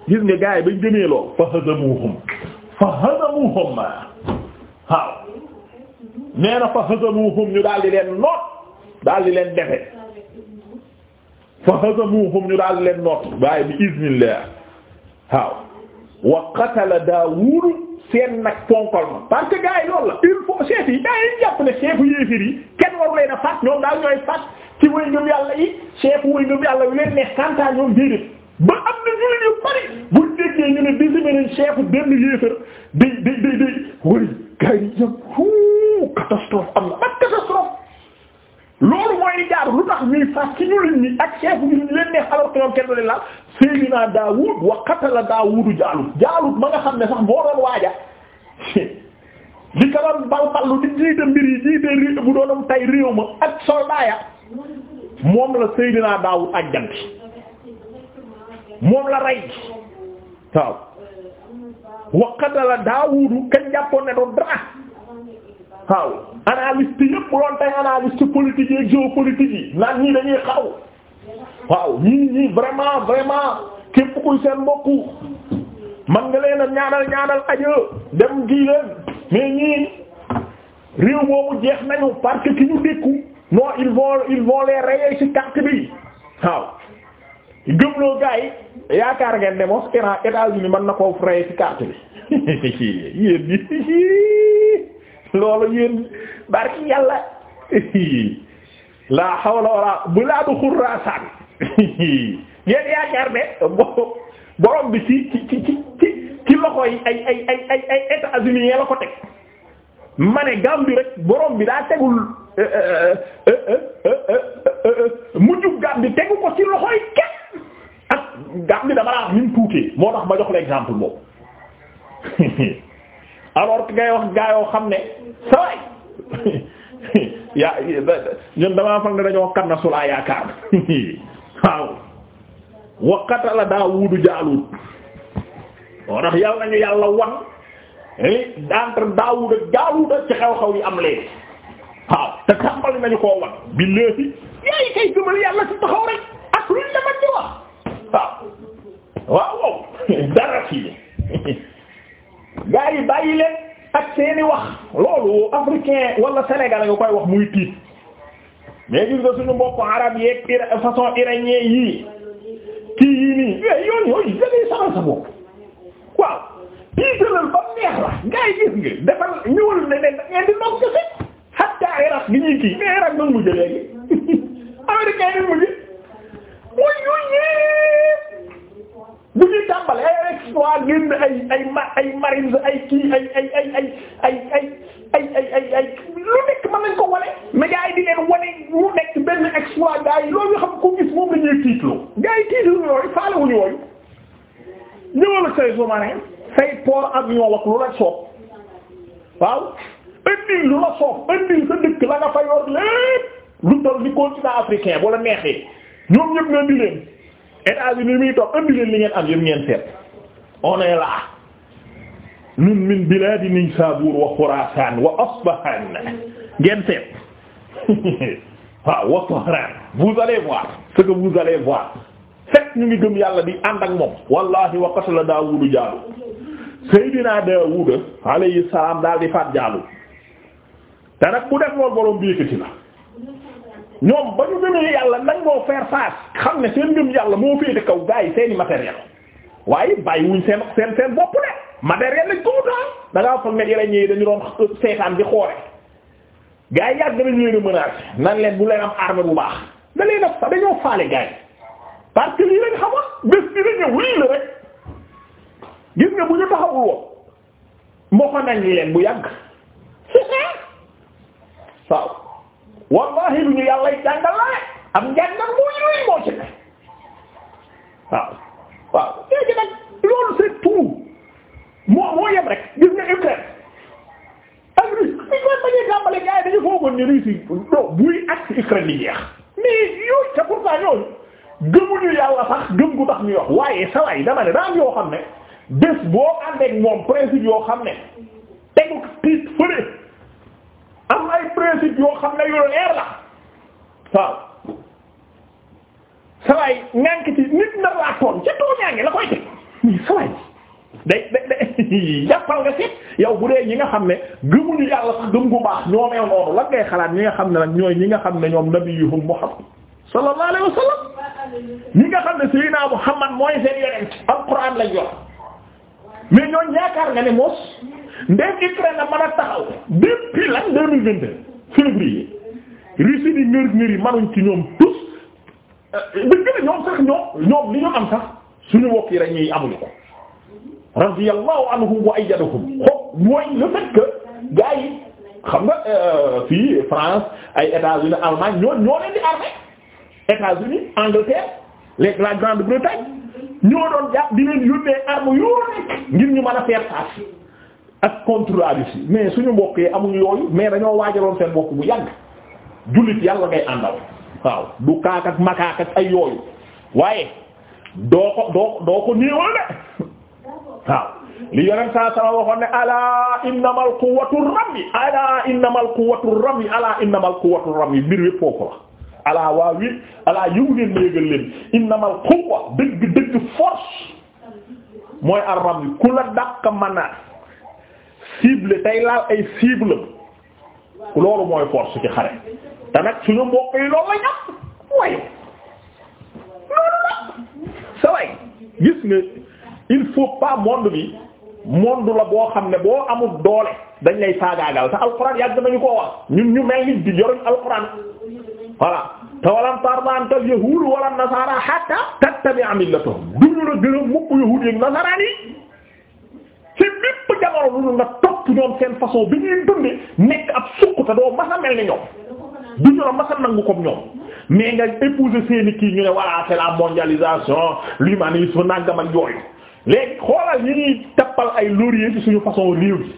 gis nga gaay bañ gëmee lool fa hazamuhum fa hazamuhum waaw nee na fa hazamuhum ñu daal leen noot daal leen defe fa hazamuhum ñu daal leen noot waaye bi iznillah waaw wa qatala Daawuud seen nag ponkol ma parce que gars la il faut chef yi gars yi jàpp ne chefu yéefir yi kenn waru leen a faat ñoom daal ñooy faat ci way ngëm yàlla yi chefu way ngëm yàlla day day day day way gars yi jàpp catastrophe am na loolu mooy li jaar lu tax ñuy faat ci ñu leen ñi ak chef bi ñu leen neex kenn du leen laal Seydina Daawud wa qatala Daawudu Jaalut Jaalut ma nga xam ne sax boo doon waaja li <laughs> ka doon balballu di jiite mbir yi jiite bu doonam tay réew ma ak soldat moom la Seydina Daawud ajjanti moom la rey waaw wa qatala Daawudu kañ jàppoon ne doon dara waaw analyste yëpp bu doon tey analyste politique yi géopolitique yi naan ñii dañuy xaw waaw ñii ñii vraiment vraiment képp kuy seen mbokku man nga leen a ñaanal ñaanal ajo dem gii leen mais ñii réew moomu jeex nañu parce que ki ñu dékku non ils vont ils vont les rayer ci carte bi waaw gëmloo gars yi yaakaar ngeen ne moom Iran États-Unis mën na koo rayer ci carte bi <laughs> yéen loolu yéen barki yàlla laa hawla wala bu laadu xurrasaan yéen yaakaar ne borom bi ci ci ci ci ci loxo yi ay ay ay ay ay teg ma ne rek borom bi daa tegul euh, euh, euh, mujjug Gambie tegu ko ci loxo yi mu tuutee moo tax ma jox la exemple boobu. <laughs> alors que ngay wax gaa yoo xam ne saway yaa ñun damaa fag ne dañoo kan na sulaa yaakaar waaw wa qatala Daawudu Jaalut moo tax yàlla nañu yàlla wan li eh, entre Daawud ak Jaalut ci xew-xew yi am léegi waaw te tàmbali nañu koo wan billahi yaay kay gëmal yàlla ci taxaw rek ak luñ la mën di wax waaw waaw <laughs> dara fii gaa yi bàyyi leen ak seeni wax loolu africain wala sénégalais nga koy wax muy tiit mais gis nga suñu mbokk arab yeeg façon iranien yii kii yii nii mais yoon yooyu dangay saxal sa bopp waaw tiitalal ba neex la gaa yi gis ne ne ngeen di ndox hatta Irak gi ñuy kii mais Irak noonu mujj léegi <laughs> américain yi mujj mooy yooyu yépp bu ñuy tàmbale ay exploit génn ay ay ay ay kii ay ay ay ay ay ay ay ay ko wane mais gars yi di leen wane lu nekk benn exploit gars yi loolu nga xam ko gis moom la ñuy tiitloo gars yi tiitlu yooyu faale wuñu wooyu ñëwal ak say sumane say port avion ak lu la soob waaw indi lu la soob indi sa dëkk la nga fa yor lépp lu toll ni continent africain bu la neexee ñoom ñëpp nga leen États-Unis muy toog andi li ngeen am yëpp ngeen seet on est là ñun min biladi Nisabur wa Khurasan wa Asbahan ngeen seet <laughs> waaw wa Tahran vous allez voir ce vous allez voir fekk ñu ngi gëm yàlla di ànd ak moom wallahi wa qatala Daawudu Jaalut Seydina Daawuda alayhi salaam daal di faat Jaalut te nag ku def loolu borom bi yëkkati la ñoom ba ñu gëmee yàlla nangoo faire face xam ne seen ngëm yàlla moo féete kaw gars yi seeni matériel waaye bàyyiwuñ seen seen seen bopp de matériel lañ ko wutal da ngaa foog ne yeneen ñi dañu doon seetaan di xoore gars yi yàgg nañ leen a menacé nan leen bu leen am arme bu baax da leen a dañoo faale gars yi parce que lii lañ xamoon bi la ñëw lii rek gis nga bu ñu taxawul woon mboq nañ leen bu yàgg <laughs> waaw. wallahi lu ñu yàlla jàngal la am jàngal mooy luy moo ci ne waaw waaw léegi nag loolu c'est tout moo moo yem rek gis nga Ukraine ak Russie koy bañee tàmbale gars yi dañu foogoon ni Russie do buy ak Ukraine li jeex mais yooyu c'est pourtant ñooñu gëmuñu yàlla gëm gu tax ñu wax waaye saway dama ne yoo xam ne bés boo àndeek moom principe yoo xam ne tegu tiit fële dig yoo xam ne yu leer la waaw sawaay ngànk nit na laa toon ci tooñaa ngi la koy teg mais sawaay day day day <laughs> nga seet yow bu dee ñi nga xam ne gëmuñu yàlla sax gëm gu baax ñoo noonu la xalaat ñi nga xam ne nag ñooy ñi nga xam ne ñoom nabiyuhum Muhammad sallallahu alayhi wa ñi nga xam ne sayyidina Muhammad mooy seen yonent alquran lañ yor mais ñooñ yaakaar nga ne moos ndéem Ukraine na mën a taxaw depuis lan deux mille février Russie di ngër ngër yi manuñ ci ñoom tous eh, dëgg la ñoom sax ñoom ñoom li ñu am sax suñu wokk yi rek ñuy amuñu ko radiyallahu anhum wa ayyadahum xob mooy le fait que gars yi xam nga euh, fii France ay États-Unis Allemagne ñoo ñoo leen di armée États-Unis Angleterre les la Grande-Bretagne ñoo doon jàpp di leen yónnee arme yoo nekk ngir ñu mën a faire face ak contre mais suñu mbokk yi amuñu yooyu mais dañoo waajaloon seen mbokk bu yàgg jullit yàlla ngay àndal waaw du kaak ak makaak ay yooyu waaye doo ko doo doo ko néewal de waaw li yonent saa sama waxoon ne alaa innamal quwwatu rami alaa innamal quwwatu rami alaa mbir yépp foofu la alaa waa wi alaa yëw leen ma yëgal leen innamal quwwa dëgg dëgg force mooy ar rami ku la dàq mën a cible tey laal ay cible loolu mooy force ci xare te nag suñu mbokk yi loolu la ñam wayu loolu la sa gis nga il faut pas monde bi monde la boo xam ne boo amul doole dañ ngay lay saagaagal te alxuraan yàgg nañu koo wax ñu ñu mel ni di yoruñ alxuraan voilà te walan tardantal yahuud yahuud yi nasaraan te lépp jamono lu nga topp ñoom seen façon bi ñuy dundee nekk ab sukk te doo masa mel ni ñoom du ñu la masa nangu comme ñoom mais nga épouser seeni kii ñu ne voilà c'est la mondialisation l'humanisme nangam ak yooyu léegi xoolal ñi ñuy tappal ay laurier ci suñu façon réew bi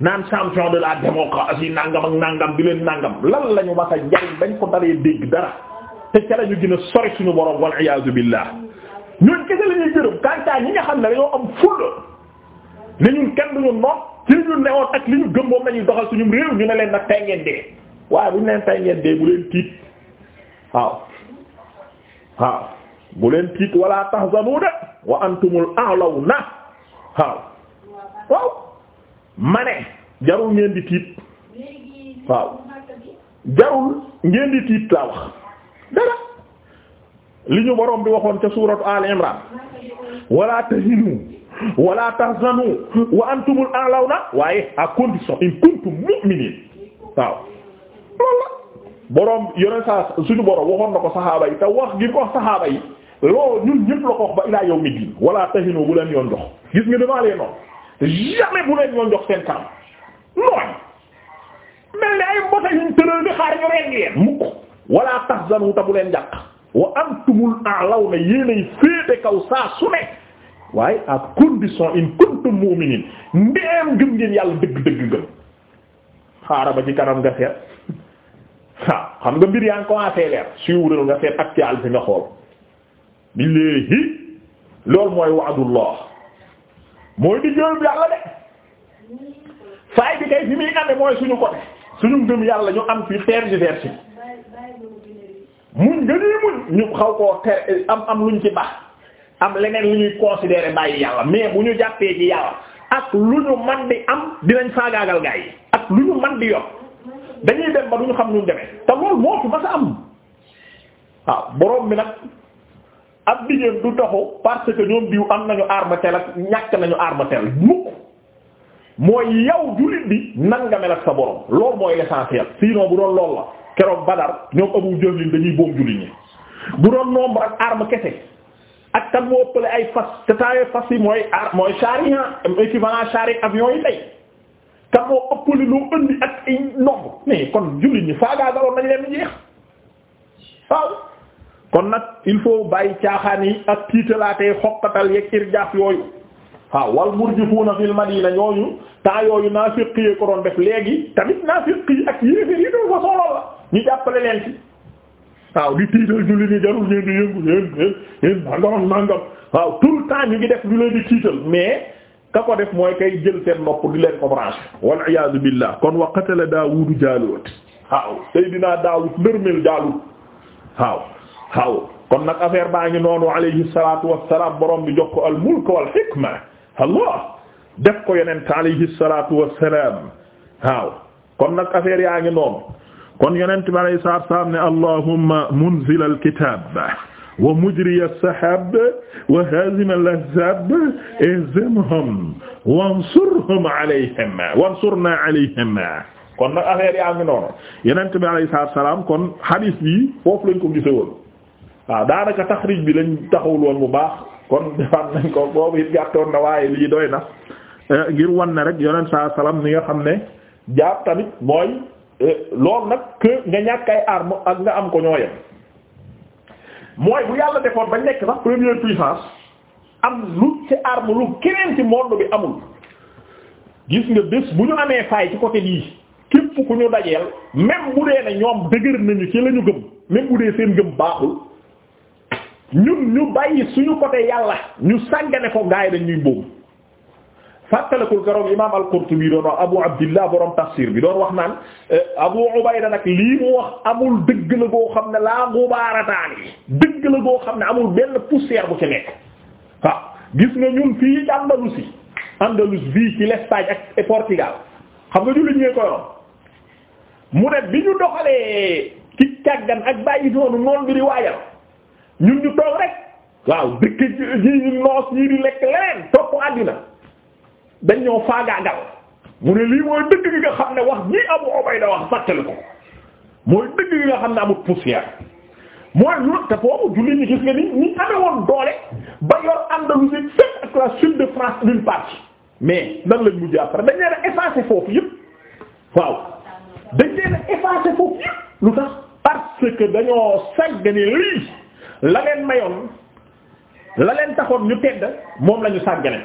naan de la démocratie nangam ak nangam di leen nangam lan la ñu mas a njariñ bañ ko daree dégg dara te ca la ñu gën a sori suñu borom wal iyaazu billah la ñuy gërëm kantaa ñi nga ne ñun kenn duñu noot ci li ñu newoon ak li ñu gëm nañuy doxal suñu réew ñu ne leen nag tey ngeen waaye bu ñu leen tey ngeen bu leen tiit waaw waaw bu leen tiit wala tahzanu de wa antumul a'lawna waaw waaw ma jarul ngeen di tiit waaw jarul ngeen di tiit laa wax dara li ñu boroom bi waxoon ca suuratu Al Imran wala tahinu wala tahzanu wa antumul a'launa waaye à condition in kuntum mu'minin waaw loolu boroom yoneen sa suñu boroom waxoon na ko saxaaba yi te wax gi ko wax saxaaba yi loolu ñun ñëpp la ko wax ba ilaa yoon jox gis nga damaa leen noonu jamais bu leen yoon jox seen kanam nooy mel ni ay mbota yuñ tëral di leen mukk wala tahzanu te bu leen jàq féete kaw saa su ne waaye à condition in kuntum mu'minin ndeem gëm ngeen yàlla dëgg-dëgg ngëm xaaral ba ci kanam nga seet waaw <laughs> xam nga mbir yaa ngi commencé leer suivre nga seet actuel fi nga xool billahi loolu mooy wa'dullah mooy di jël yàlla de faay bi kay fi muy ande mooy suñu côté suñu ngëm yàlla ñu am fi tergiversé muñ nga nii muñ ñu xaw koo ter am am luñ ci baax. am leneen lu ñuy considérer bàyyi yàlla mais bu ñu jàppee ci yàlla ak lu ñu man di am dinañ faagaagal gaa yi ak lu ñu man di yor dañuy dem ba du ñu xam ñu demee te loolu moo fi masa am waaw borom bi nag ak liggéey du taxu parce que ñoom diw am nañu arme tel ak ñàkk nañu arme tel mukk mooy yow jullit bi nan nga mel ak sa borom loolu mooy l'essentiel sinon bu doon loolu la keroog Badar ñoom Abu Jahl dañuy boom jullit ñi bu doon nombre ak arme ak kan moo ëppale ay fas te taayee fas yi mooy ar mooy chari ah équivalent chari avion yi tey kan moo ëppale loo indi ak ay nombre mais kon jullit ñi faagaagaloon nañ leen jeex waaw kon nag il faut bàyyi caaxaan yi ak tiitalaatee xoqatal yeeg irjaaf yooyu waaw wal murjifuuna fil madina ñooñu temps yooyu naafiq yi ko léegi tamit naafiq yi doon façon loolu la ñu jàppale leen ci waaw di tiital julli ni jarul ngeen di yëngu yéen yéen yéen nangam ak nangam waaw tout le temps ñu ngi def ñu leen di tiital mais ka ko def mooy kay jël seen nopp di leen ko branché wal iyaadu billah kon wa qatala Daawudu Jaaluut waaw Seydina Daawud nërmel Jaaluut waaw waaw kon nag affaire baa ngi noonu alayhi salaatu wassalaam borom bi jox ko al mulk wal hikma Allah def ko yonent alayhi salaatu wassalaam waaw kon nag affaire yaa ngi noonu kon yonent bi ma salaatu wa salaam ne allahumma munzil al-kitaab wa mujri as-sahaab wa haazim al-ahzaab ihzimhum wansurhum alayhim kon nag affaire yaa ngi noonu yonent bi alayhi salaatu salaam kon hadith bi foofu lañ ko gisewoon waaw daanaka taxriij bi lañ taxawul woon bu baax kon <laughs> defaat nañ ko boobu it gàttoon na waaye lii doy na eh, ngir wan ne rek yonent saa salaam ni nga xam ne jaab mooy. Eh, loolu nag que nga ñàkk ay arme ak nga am ko ñoo yem mooy bu yàlla defoon ba nekk sax première puissance am lu ci arme lu keneen ci monde bi amul gis nga bés bu ñu amee faay ci côté bii képp ku ñu dajeel même bu dee ne ñoom dëgër nañu ci la ñu gëm même bu dee seen gëm baaxul ñun ñu bàyyi suñu côté yàlla ñu sàngane ko gaay dañuy boobu fàttalikul keroog imaam al-Qurtubi doon wax Abu Abdillah bi doon wax naan eh, Abu Ubayda nag lii mu wax amul dëgg la goo xam ne laa gubaarataani dëgg la goo xam ne amul benn poussière bu ci nekk waaw gis nga ñun fii Andalusi Andalus fii ci l'Espagne ak Portugal xam nga jullit ñee koy rom mu ne bi ñu doxalee ci càggan ak bàyyi noonu noon bi di waajal ñun ñu toog rek waaw dëkk ji ñu noos ñii di lekk leneen topp àddina dañ ñoo faagaagal mu ne lii mooy dëgg gi nga xam ne wax ñi Abu Ubayda wax fàttali ko mooy dëgg gi nga xam ne amul poussière mooy loolu te foofu jullit ñi gis nga ni ñi amee doole ba yor Andalousie fépp ak la sud de France d'une partie mais nan lañ mujj après dañ leen a effacé foofu yëpp waaw dañ leen a effacé foofu yëpp lu tax parce que dañoo sàggane lii la leen mayoon la leen taxoon ñu tedd moom la ñu sàggane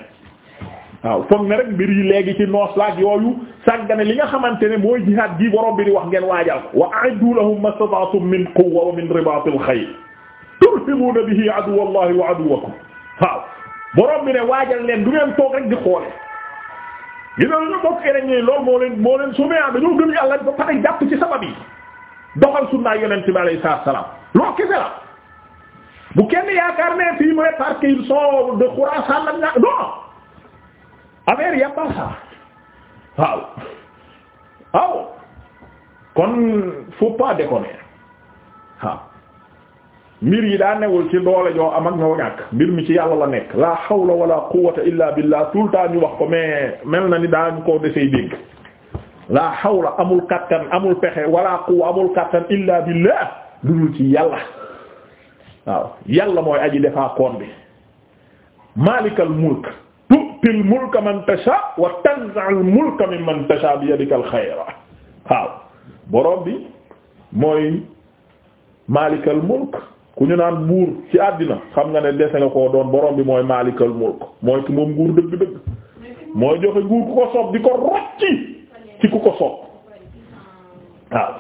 waaw foog ne rek mbir yi léegi ci noos laak yooyu sàggane li nga xamante ne mooy jihaad ji borom bi di wax ngeen waajal wa a'iddu lahum mastata'tum min quwwa wa min ribaatil xayl turhibuuna bihi aduwwa allahi wa aduwwakum waaw borom bi ne waajal leen du ngeen toog rek di xoole gina lu ñu bokk rek ñi loolu moo leen moo leen sumee am dañoo gëm yàlla ba pare jàpp ci sabab i doxal sunnaa yonent bi alayhi salaam loolu kese bu kenn yaakaar ne fii mu ne parce qu'ils sont de Khurasan la non affaire yàbbal saa waaw waaw kon faut pas déconner waaw mbir yi daa newul ci doole joo am ak ñoo ñàkk mbir mi ci yàlla la nekk la hawla wala quwwata illa billah tout le ñu wax ko mais mel na ni daa ñu ko desey dégg la hawla amul kattan amul pexe wala quwwa amul kattan illa billah lu dul ci yàlla waaw yàlla mooy aji defaa koon bi malikal mulk tu'til mulka man tasha wa tanza'ul tasha bi yadikal xayra waaw borom bi mooy maalikal mulk ku ñu naan buur ci àddina xam nga ne dese nga koo doon borom bi mooy maalikal mulk mooy ki moom nguur dëgg-dëgg mooy joxe nguur ku ko soob di ko rocci ci ku ko soob waaw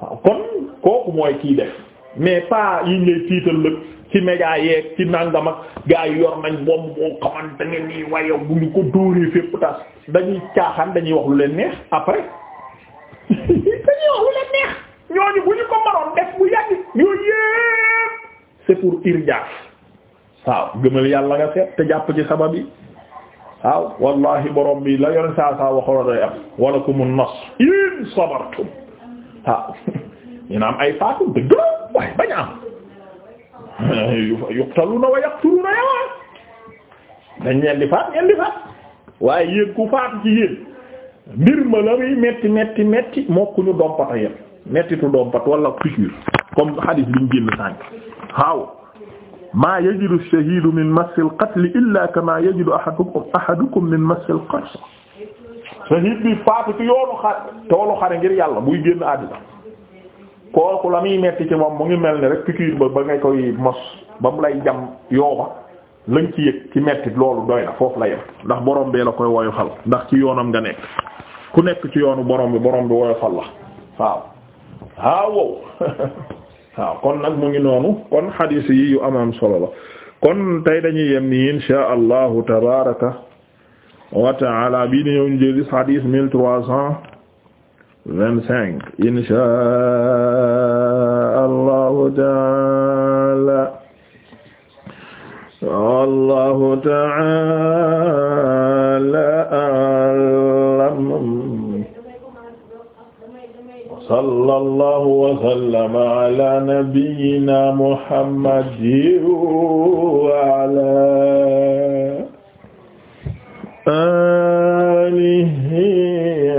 waaw kon kooku mooy kiy def mais pas yi ngay tiital lëg ci média yeeg ci nangam ak gaa yor nañ bomb boo xamante ne nii waaye bu ñu ko dóoree fépp tas dañuy caaxaan dañuy wax lu leen neex après dañuy wax lu leen neex ñooñu bu ñu ko mënoon def bu yàgg yooyu yépp c'est pour irjaaf waaw gëmal yàlla nga seet te jàpp ci sabab yi waaw wallahi borom bi la yore saa saa waxoon day am walakumun nasr in sabartum waaw <laughs> ñu am ay faatu dëgg waaye bañ am. <laughs> yuqtaluna wa yaqtuluna yawa dañ ñeen di faat ñeen di faat waaye yéen ku faatu ci yéen mbir ma la muy metti metti metti mokkuñu dompata yéen mettitu dompat wala piqûre comme hadith liñ génn sànk waaw maa yajidu ash-shahidu min massil qatl illa kama yajidu ahadukum ahadukum min massil qatl shahid bi faatu ci yoonu xare toolu xare ngir yàlla buy génn àddina kooku la muy metti ci moom mu ngi mel ni rek piqûre ba ba nga koy mos ba mu lay jam yooba lañ ci yëg ci metti loolu doy na foofu la yem ndax borom bee la koy woyofal ndax ci yoonam nga nekk ku nekk ci yoonu boroom bi boroom bi woyofal la waaw <laughs> waaw kon nag mu ngi noonu kon xadiis yi yu amam solo la kon tey dañuy yem ni insha allahu tabaraka wa bii di ñëw ñu xadiis mille trois cent vingt-cinq inshaa allahu taala wallahu taala a'lam sallallahu wa sallama ala nabiyyina muhammadin wa ala alihi